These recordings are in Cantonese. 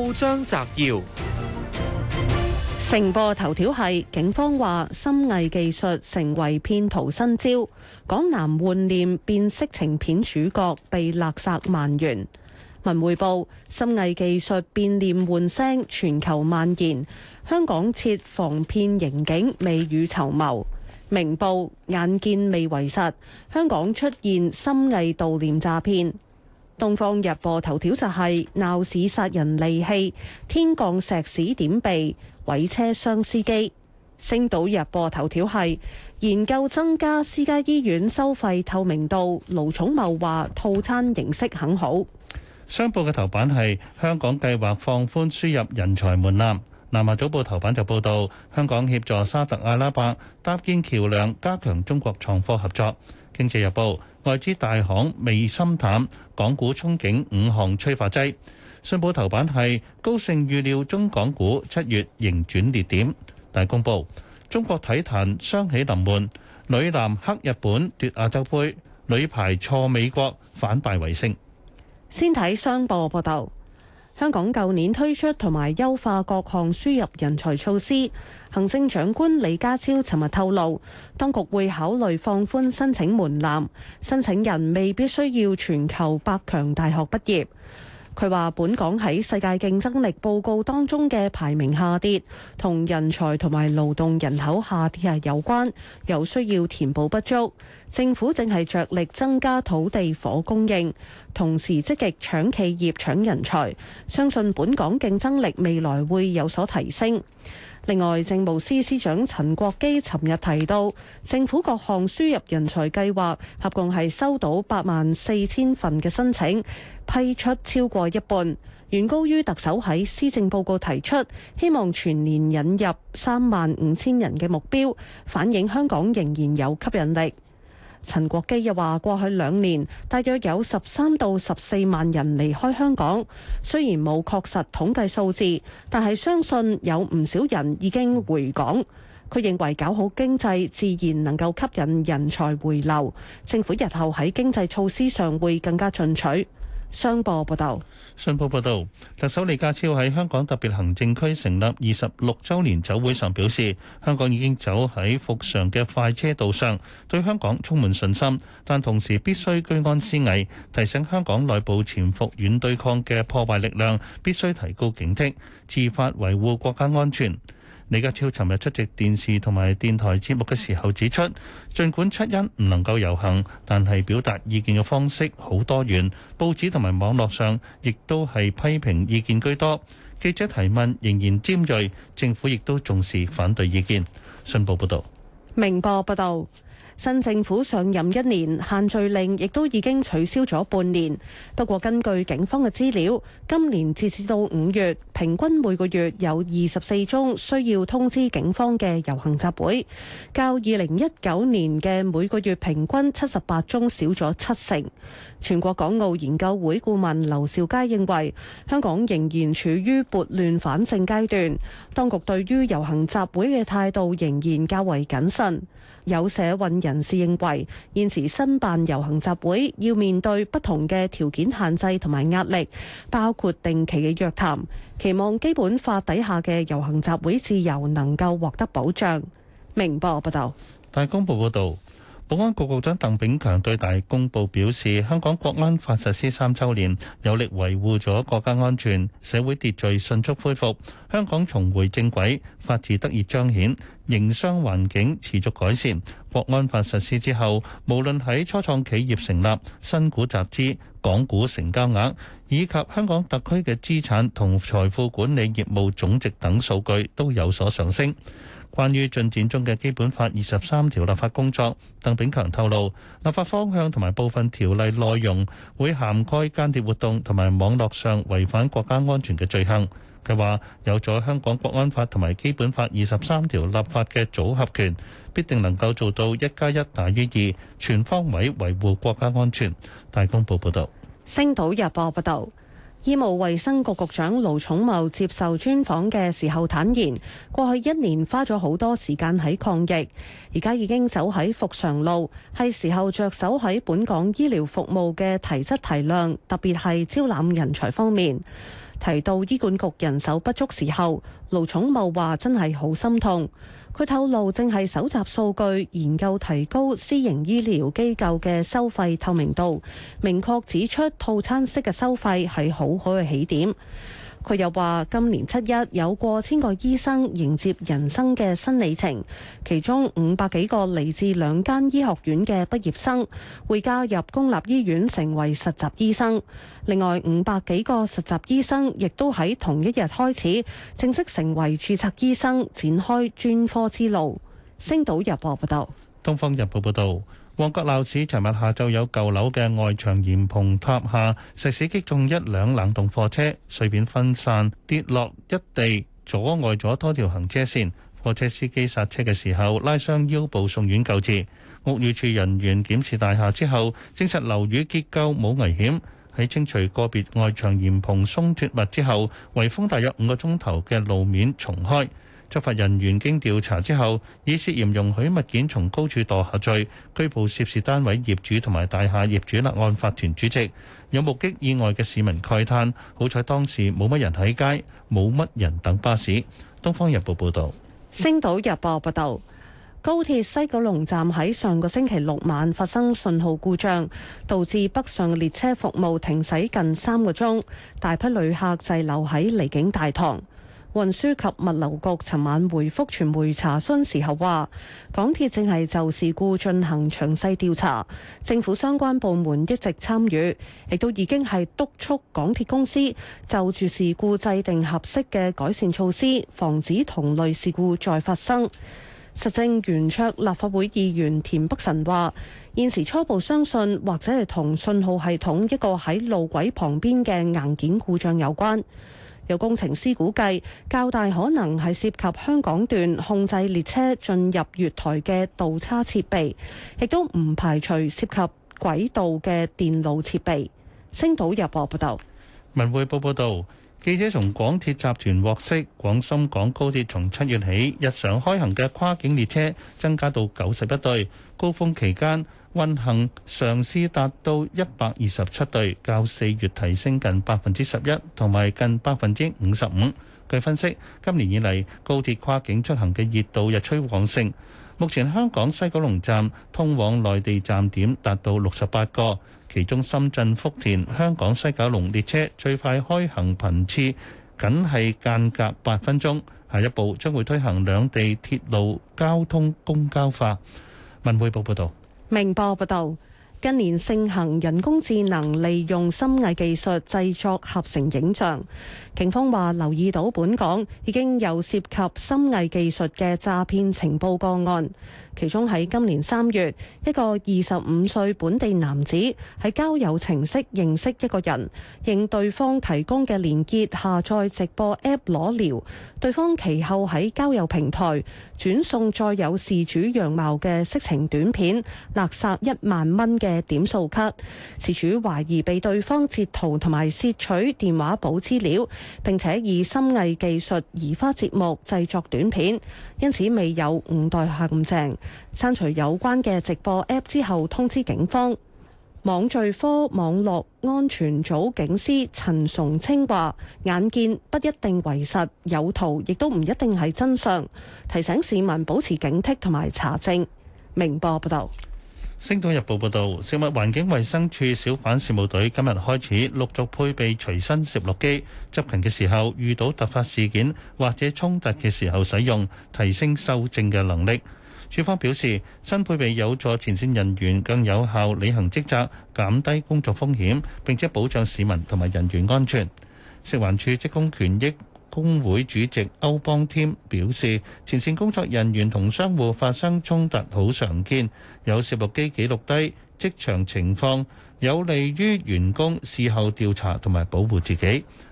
報章摘要：成報頭條係警方話，深藝技術成為騙徒新招。港男換臉變色情片主角被勒索萬元。文匯報：深藝技術變臉換聲全球蔓延，香港設防騙刑警未雨綢繆。明報：眼見未為實，香港出現深藝盜臉詐騙。東方日報頭條就係鬧市殺人利器，天降石屎點鼻，毀車傷司機。星島日報頭條係研究增加私家醫院收費透明度，盧寵茂話套餐形式很好。商報嘅頭版係香港計劃放寬輸入人才門檻。南華早報頭版就報道香港協助沙特阿拉伯搭建橋樑，加強中國創科合作。經濟日報，外資大行未深淡，港股憧憬五項催化劑。信報頭版係高盛預料中港股七月迎轉捩點。大公報，中國體壇雙喜臨門，女籃克日本奪亞洲杯，女排挫美國反敗為勝。先睇商報報道。香港舊年推出同埋優化各項輸入人才措施，行政長官李家超尋日透露，當局會考慮放寬申請門檻，申請人未必需要全球百強大學畢業。佢話：本港喺世界競爭力報告當中嘅排名下跌，同人才同埋勞動人口下跌係有關，有需要填補不足。政府正係着力增加土地、火供應，同時積極搶企業、搶人才，相信本港競爭力未來會有所提升。另外，政務司司長陳國基尋日提到，政府各項輸入人才計劃合共係收到八萬四千份嘅申請。批出超過一半，遠高於特首喺施政報告提出希望全年引入三萬五千人嘅目標，反映香港仍然有吸引力。陳國基又話，過去兩年大約有十三到十四萬人離開香港，雖然冇確實統計數字，但係相信有唔少人已經回港。佢認為搞好經濟自然能夠吸引人才回流，政府日後喺經濟措施上會更加進取。商報報道。信報報道，特首李家超喺香港特別行政區成立二十六周年酒會上表示，香港已經走喺復常嘅快車道上，對香港充滿信心，但同時必須居安思危，提醒香港內部潛伏軟對抗嘅破壞力量，必須提高警惕，自發維護國家安全。李家超尋日出席電視同埋電台節目嘅時候指出，儘管七一唔能夠遊行，但係表達意見嘅方式好多元。報紙同埋網絡上亦都係批評意見居多。記者提問仍然尖鋭，政府亦都重視反對意見。信報報道。明報報道。新政府上任一年，限聚令亦都已經取消咗半年。不過根據警方嘅資料，今年截至到五月，平均每個月有二十四宗需要通知警方嘅遊行集會，較二零一九年嘅每個月平均七十八宗少咗七成。全國港澳研究會顧問劉兆佳認為香港仍然處於撥亂反正階段，當局對於遊行集會嘅態度仍然較為謹慎。有社運人士認為，現時申辦遊行集會要面對不同嘅條件限制同埋壓力，包括定期嘅約談，期望基本法底下嘅遊行集會自由能夠獲得保障。明報報道，大公報報道。保安局局長鄧炳強對大公報表示，香港國安法實施三周年，有力維護咗國家安全，社會秩序迅速恢復，香港重回正軌，法治得以彰顯，營商環境持續改善。國安法實施之後，無論喺初創企業成立、新股集資、港股成交額，以及香港特區嘅資產同財富管理業務總值等數據都有所上升。關於進展中嘅基本法二十三條立法工作，鄧炳強透露，立法方向同埋部分條例內容會涵蓋間諜活動同埋網絡上違反國家安全嘅罪行。佢話，有咗香港國安法同埋基本法二十三條立法嘅組合權，必定能夠做到一加一大於二，全方位維護國家安全。大公報報導。星島日報報導。醫務衛生局局長盧寵茂接受專訪嘅時候坦言，過去一年花咗好多時間喺抗疫，而家已經走喺復常路，係時候着手喺本港醫療服務嘅提質提量，特別係招攬人才方面。提到醫管局人手不足時候，盧寵茂話真係好心痛。佢透露正係搜集數據，研究提高私營醫療機構嘅收費透明度，明確指出套餐式嘅收費係好好嘅起點。佢又話：今年七一有過千個醫生迎接人生嘅新里程，其中五百幾個嚟自兩間醫學院嘅畢業生會加入公立醫院成為實習醫生，另外五百幾個實習醫生亦都喺同一日開始正式成為註冊醫生，展開專科之路。星島日報報道。東方日報報道。旺角鬧市，尋日下晝有舊樓嘅外牆簷篷塌下，石屎擊中一輛冷凍貨車，碎片分散跌落一地，阻礙咗多條行車線。貨車司機剎車嘅時候拉傷腰部，送院救治。屋宇署人員檢視大廈之後，證實樓宇結構冇危險。喺清除個別外牆簷篷鬆脱物之後，圍封大約五個鐘頭嘅路面重開。執法人員經調查之後，以涉嫌容許物件從高處墮下罪拘捕涉事單位業主同埋大廈業主立案法團主席。有目擊意外嘅市民慨嘆：好彩當時冇乜人喺街，冇乜人等巴士。《東方日報》報道。《星島日報》報道，高鐵西九龍站喺上個星期六晚發生信號故障，導致北上列車服務停駛近三個鐘，大批旅客滯留喺離境大堂。運輸及物流局尋晚回覆傳媒查詢時候，話，港鐵正係就事故進行詳細調查，政府相關部門一直參與，亦都已經係督促港鐵公司就住事故制定合適嘅改善措施，防止同類事故再發生。實政圓桌立法會議員田北辰話：現時初步相信，或者係同信號系統一個喺路軌旁邊嘅硬件故障有關。有工程師估計，較大可能係涉及香港段控制列車進入月台嘅道岔設備，亦都唔排除涉及軌道嘅電路設備。星島日報報道：「文匯報報道，記者從港鐵集團獲悉，廣深港高鐵從七月起日常開行嘅跨境列車增加到九十一對，高峰期間，運行常時達到一百二十七對，較四月提升近百分之十一，同埋近百分之五十五。據分析，今年以嚟高鐵跨境出行嘅熱度日趨旺盛。目前香港西九龍站通往內地站點達到六十八個，其中深圳福田、香港西九龍列車最快開行頻次僅係間隔八分鐘。下一步將會推行兩地鐵路交通公交化。文匯報報導。明報報道。近年盛行人工智能，利用深偽技術製作合成影像，警方話留意到本港已經有涉及深偽技術嘅詐騙情報個案，其中喺今年三月，一個二十五歲本地男子喺交友程式認識一個人，認對方提供嘅連結下載直播 App 裸聊，對方其後喺交友平台轉送再有事主樣貌嘅色情短片，勒索一萬蚊嘅嘅點數卡，事主懷疑被對方截圖同埋竊取電話簿資料，並且以深偽技術移花接木製作短片，因此未有誤墮陷阱。刪除有關嘅直播 App 之後通知警方。網罪科網絡安全組警司陳崇清話：眼見不一定為實，有圖亦都唔一定係真相，提醒市民保持警惕同埋查證。明報報道。《星島日報》報導，食物環境衞生署小販事務隊今日開始陸續配備隨身攝錄機，執勤嘅時候遇到突發事件或者衝突嘅時候使用，提升蒐證嘅能力。署方表示，新配備有助前線人員更有效履行職責，減低工作風險，並且保障市民同埋人員安全。食環署職工權益工會主席歐邦添表示，前線工作人員同商戶發生衝突好常見，有攝錄機記錄低職場情況，有利於員工事後調查同埋保護自己。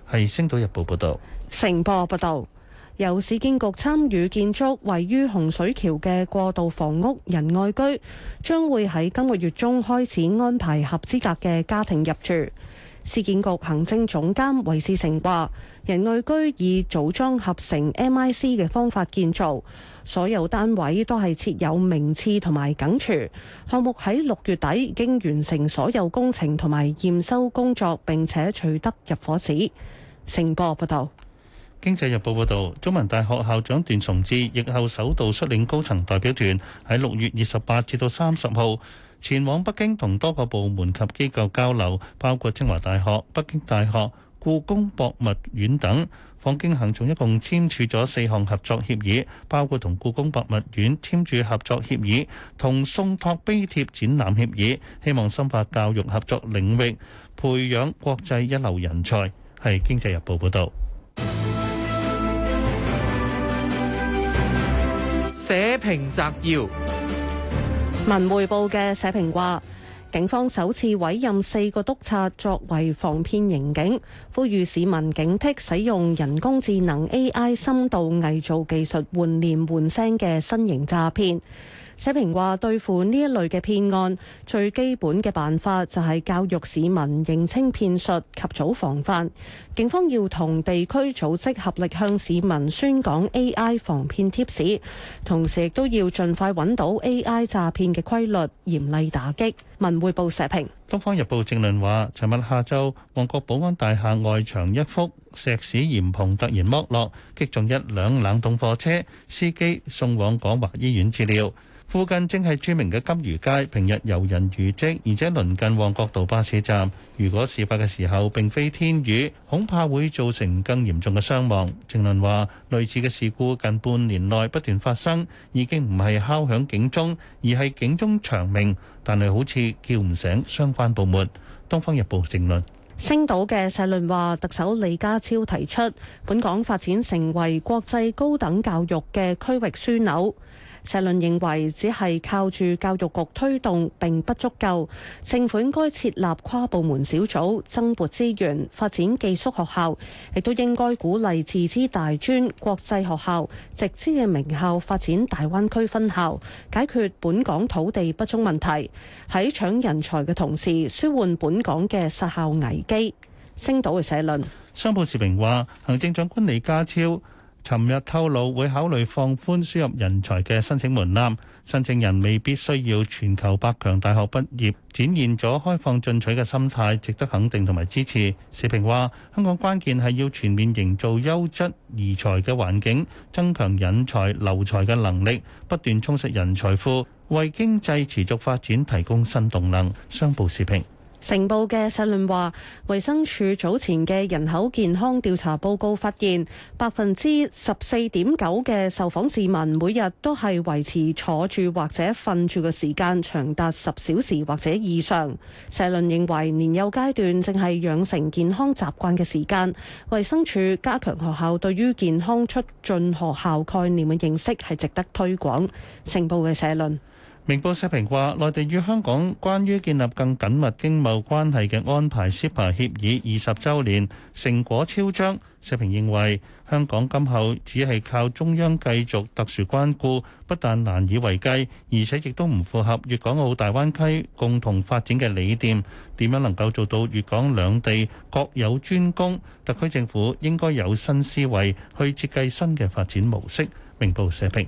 係《星島日報》報道，《成報》報道，由市建局參與建築位於洪水橋嘅過渡房屋仁愛居，將會喺今個月中開始安排合資格嘅家庭入住。市建局行政總監韋志成話：仁愛居以組裝合成 M I C 嘅方法建造，所有單位都係設有名次同埋梗廚。項目喺六月底已經完成所有工程同埋驗收工作，並且取得入伙紙。成播報》報道，《經濟日報》報道，中文大學校長段崇智疫後首度率領高層代表團喺六月二十八至到三十號。前往北京同多個部門及機構交流，包括清華大學、北京大學、故宮博物院等。訪京行仲一共簽署咗四項合作協議，包括同故宮博物院簽署合作協議、同宋拓碑帖展覽協議，希望深化教育合作領域，培養國際一流人才。係《經濟日報》報道。社評摘要。文匯報嘅社評話，警方首次委任四個督察作為防騙刑警，呼籲市民警惕使用人工智能 AI 深度偽造技術換臉換聲嘅新型詐騙。社評話：對付呢一類嘅騙案，最基本嘅辦法就係教育市民認清騙術，及早防範。警方要同地區組織合力向市民宣講 AI 防騙貼士，同時亦都要盡快揾到 AI 詐騙嘅規律，嚴厲打擊。文匯報社評，《東方日報》正論話：尋日下晝，旺角保安大廈外牆一幅石屎簷篷，突然剝落，擊中一輛冷凍貨車，司機送往廣華醫院治療。附近正係著名嘅金魚街，平日遊人如織，而且鄰近旺角道巴士站。如果事發嘅時候並非天雨，恐怕會造成更嚴重嘅傷亡。正論話，類似嘅事故近半年內不斷發生，已經唔係敲響警鐘，而係警鐘長鳴，但係好似叫唔醒相關部門。《東方日報》正論。星島嘅社論話：特首李家超提出，本港發展成為國際高等教育嘅區域樞紐。社論認為只係靠住教育局推動並不足夠，政府應該設立跨部門小組，增撥資源發展寄宿學校，亦都應該鼓勵自資大專、國際學校、直資嘅名校發展大灣區分校，解決本港土地不足問題。喺搶人才嘅同時，舒緩本港嘅失效危機。星島嘅社論，商報時評話，行政長官李家超。尋日透露會考慮放寬輸入人才嘅申請門檻，申請人未必需要全球百強大學畢業，展現咗開放進取嘅心態，值得肯定同埋支持。時評話：香港關鍵係要全面營造優質宜才嘅環境，增強引才留才嘅能力，不斷充實人才庫，為經濟持續發展提供新動能。商報時評。成報嘅社論話，衞生署早前嘅人口健康調查報告發現，百分之十四點九嘅受訪市民每日都係維持坐住或者瞓住嘅時間長達十小時或者以上。社論認為，年幼階段正係養成健康習慣嘅時間，衞生署加強學校對於健康促進學校概念嘅認識係值得推廣。成報嘅社論。明報社評話，內地與香港關於建立更緊密經貿關係嘅安排 CEPA 協議二十週年成果超章，社評認為香港今後只係靠中央繼續特殊關顧，不但難以為繼，而且亦都唔符合粵港澳大灣區共同發展嘅理念。點樣能夠做到粵港兩地各有專攻？特區政府應該有新思維去設計新嘅發展模式。明報社評。